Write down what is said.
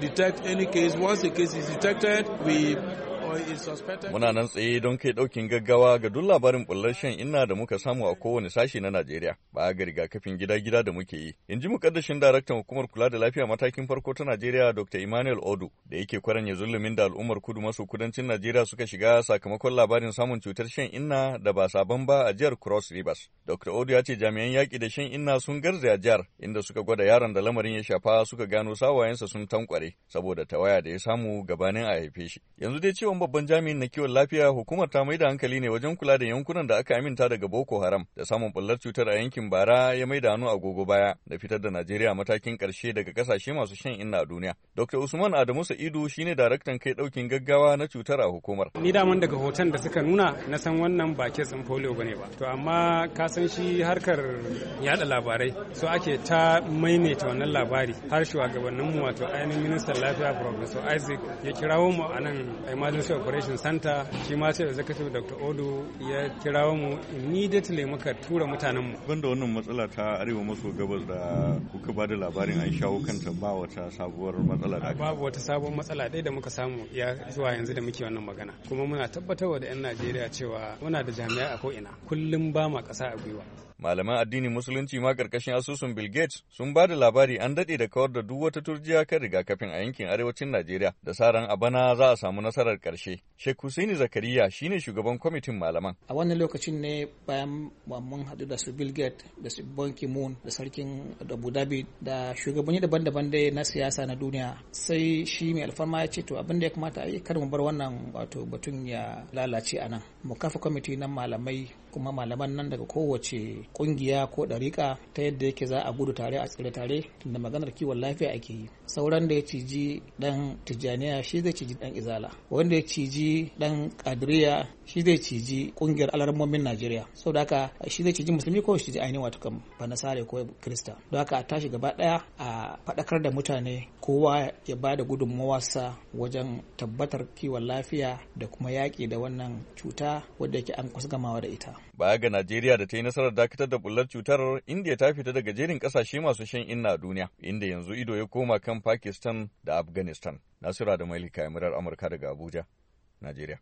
detect any case. Once a case is detected, we Muna nan tsaye don kai ɗaukin gaggawa ga duk labarin bullar shan inna da muka samu a kowane sashi na Najeriya ba ga rigakafin gida-gida da muke yi. In ji mukaddashin daraktan hukumar kula da lafiya matakin farko ta Najeriya Dr. Emmanuel Odu da yake kwaran ya zulumin da al'ummar kudu maso kudancin Najeriya suka shiga sakamakon labarin samun cutar shan inna da ba sabon ba a jihar Cross Rivers. Dr. Odu ya ce jami'an yaƙi da shan inna sun garzaya jihar inda suka gwada yaron da lamarin ya shafa suka gano sawayensa sun tankware saboda tawaya da ya samu gabanin a haife shi. Yanzu dai cewa tsohon babban jami'in na kiwon lafiya hukumar ta maida hankali ne wajen kula da yankunan da aka aminta daga Boko Haram da samun bullar cutar a yankin bara ya maida hannu agogo baya da fitar da Najeriya matakin karshe daga kasashe masu shan inna a duniya. Dr. Usman Adamu Sa'idu shine daraktan kai daukin gaggawa na cutar a hukumar. Ni daman daga hoton da suka nuna na san wannan ba kitsin polio bane ba. To amma ka san shi harkar yada labarai so ake ta maimaita wannan labari har mu wato ainihin ministan lafiya Professor Isaac ya kirawo mu a nan emergency Special Operation Center shi ma sai executive Dr. Odu ya kira mu immediately muka tura mutanen mu. Banda wannan matsala ta arewa maso gabas da kuka bada labarin an shawo kanta ba wata sabuwar matsala da babu wata sabuwar matsala dai da muka samu ya zuwa yanzu da muke wannan magana kuma muna tabbatarwa da 'yan Najeriya cewa muna da jami'a a ko ina kullum ba ma ƙasa a gwiwa. Malaman addinin Musulunci ma ƙarƙashin asusun Bill Gates sun ba da labari an daɗe da kawar da duk wata turjiya kan rigakafin a yankin arewacin Najeriya da saran ran a bana za a samu nasarar ƙarshe ƙarshe. Sheikh Husaini Zakariya ne shugaban kwamitin malaman. A wannan lokacin ne bayan mun haɗu da su Bill Gates da su Ban Ki-moon da sarkin Abu Dhabi da shugabanni daban-daban dai na siyasa na duniya sai shi mai alfarma ya ce to abin da ya kamata a yi kar mu bar wannan wato batun ya lalace a nan. Mu kafa kwamiti na malamai kuma malaman nan daga kowace ƙungiya ko ɗariƙa ta yadda yake za a gudu tare a tsire tare tunda maganar kiwon lafiya ake yi. Sauran da ya ciji dan Tijjaniya shi zai ciji dan Izala wanda ya ciji ɗan kadiriya shi zai ciji kungiyar alarmomin Najeriya Sau da haka shi zai ciji musulmi ko shi ainihin wato kan banasare ko krista Da haka a tashi gaba daya a faɗakar da mutane kowa ya ba da sa wajen tabbatar kiwon lafiya da kuma yaƙi da wannan cuta wadda yake an kusa gamawa da ita baya ga Najeriya da ta yi nasarar dakatar da bullar cutar India ta fita daga jerin kasashe masu shan inna a duniya inda yanzu ido ya koma kan Pakistan da Afghanistan Nasira da Mailika Amurka daga Abuja Najeriya